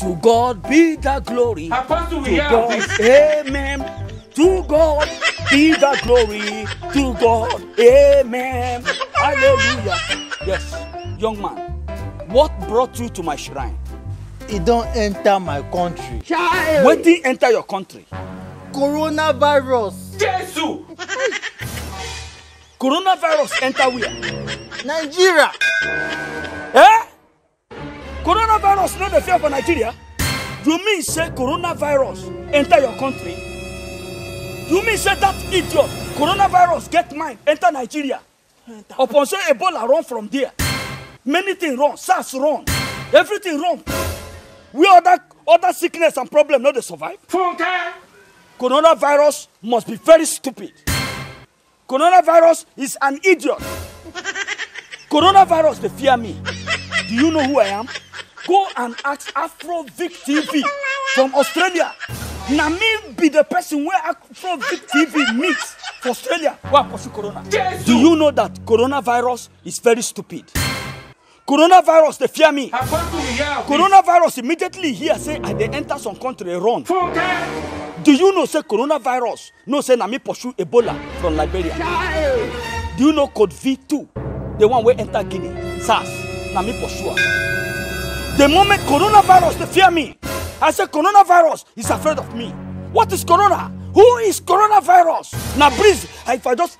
To God be the glory. to God, Amen. To God be the glory. To God, Amen. Hallelujah. Yes, young man, what brought you to my shrine? It don't enter my country. Child. Wetin enter your country? Coronavirus. Jesus. Coronavirus enter where? Nigeria coronavirus no dey fear for nigeria you mean say coronavirus enter your country you mean say that idiot coronavirus get mind enter nigeria upon say ebola run from there many things run sars run everything run where other other sickness and problem no dey survive. funke. coronavirus must be very stupid coronavirus is an idiot coronavirus dey fear me do you know who i am go and ask afrovic tv from australia na me be the person where afrovic tv meets for australia wey pursue corona do you know that coronavirus is very stupid coronavirus dey fear me coronavirus immediately hear say i dey enter some country run do you know say coronavirus know say na me pursue ebola from liberia do you know code v2 the one wey enter guinea sars na me pursue am. The moment coronavirus, they fear me. I say coronavirus is afraid of me. What is corona? Who is coronavirus? Now, please, if I just,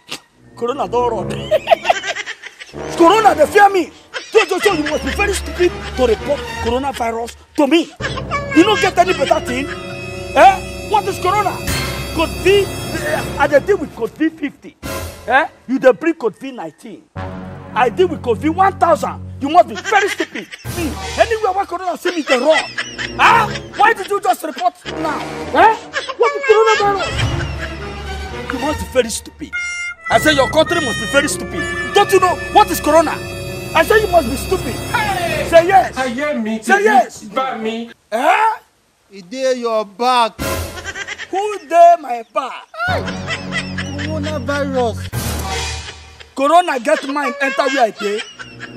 corona don't run. corona, they fear me. So, so, so, you must be very stupid to report coronavirus to me. You don't get any better thing. Eh? What is corona? Code V, eh, eh? I deal with code V50. Eh? You did bring code V19. I deal with code V1000. You must be very stupid. Me, anywhere where Corona see me, they run. Huh? Why did you just report now? Eh? What is coronavirus? You must be very stupid. I say your country must be very stupid. Don't you know what is Corona? I say you must be stupid. Hey! Say yes. I hear me. Say yes. By me. Eh? It dey your back. Who dey my back? Hey. Coronavirus corona get mind enter where i dey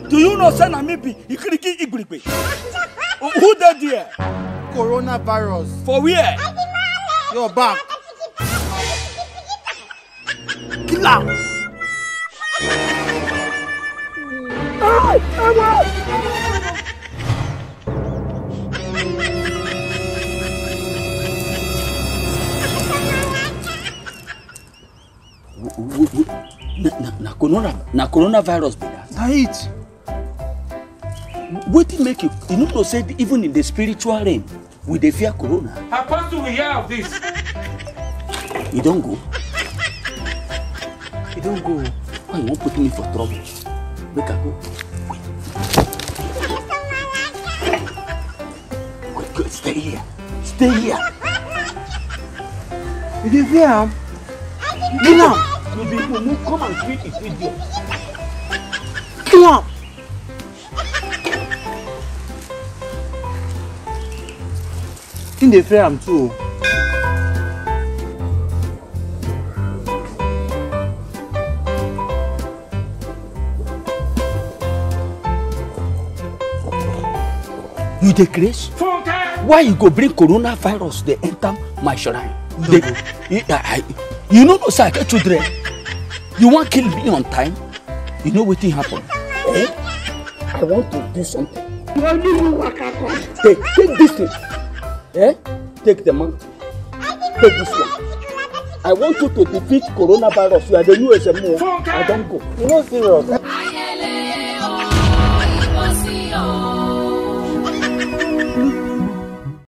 do you know say na me be ikiriki igurigbe who dey there. coronavirus. for where. your back. kill am. ah, corona na coronavirus be that. na it. wetin make you you no know say even in the spiritual realm we dey fear corona. apostle we hear of this. you don go. you don go. why you wan put me for trouble make i go. Wait, wait, stay here. Stay here. You dey fear am? Get am will be will move come and treat it with you. Come on. In the fair, I'm too. You dey craze? Why you go bring coronavirus dey enter my shrine? No. They, I, I, you know sir, I get children you want kill me on time you know what thing happen eh i want to do something. money no waka come. take take this thing eh take the mountain take this one i want you to defeat coronavirus you are the new smo i don't go. you no serious.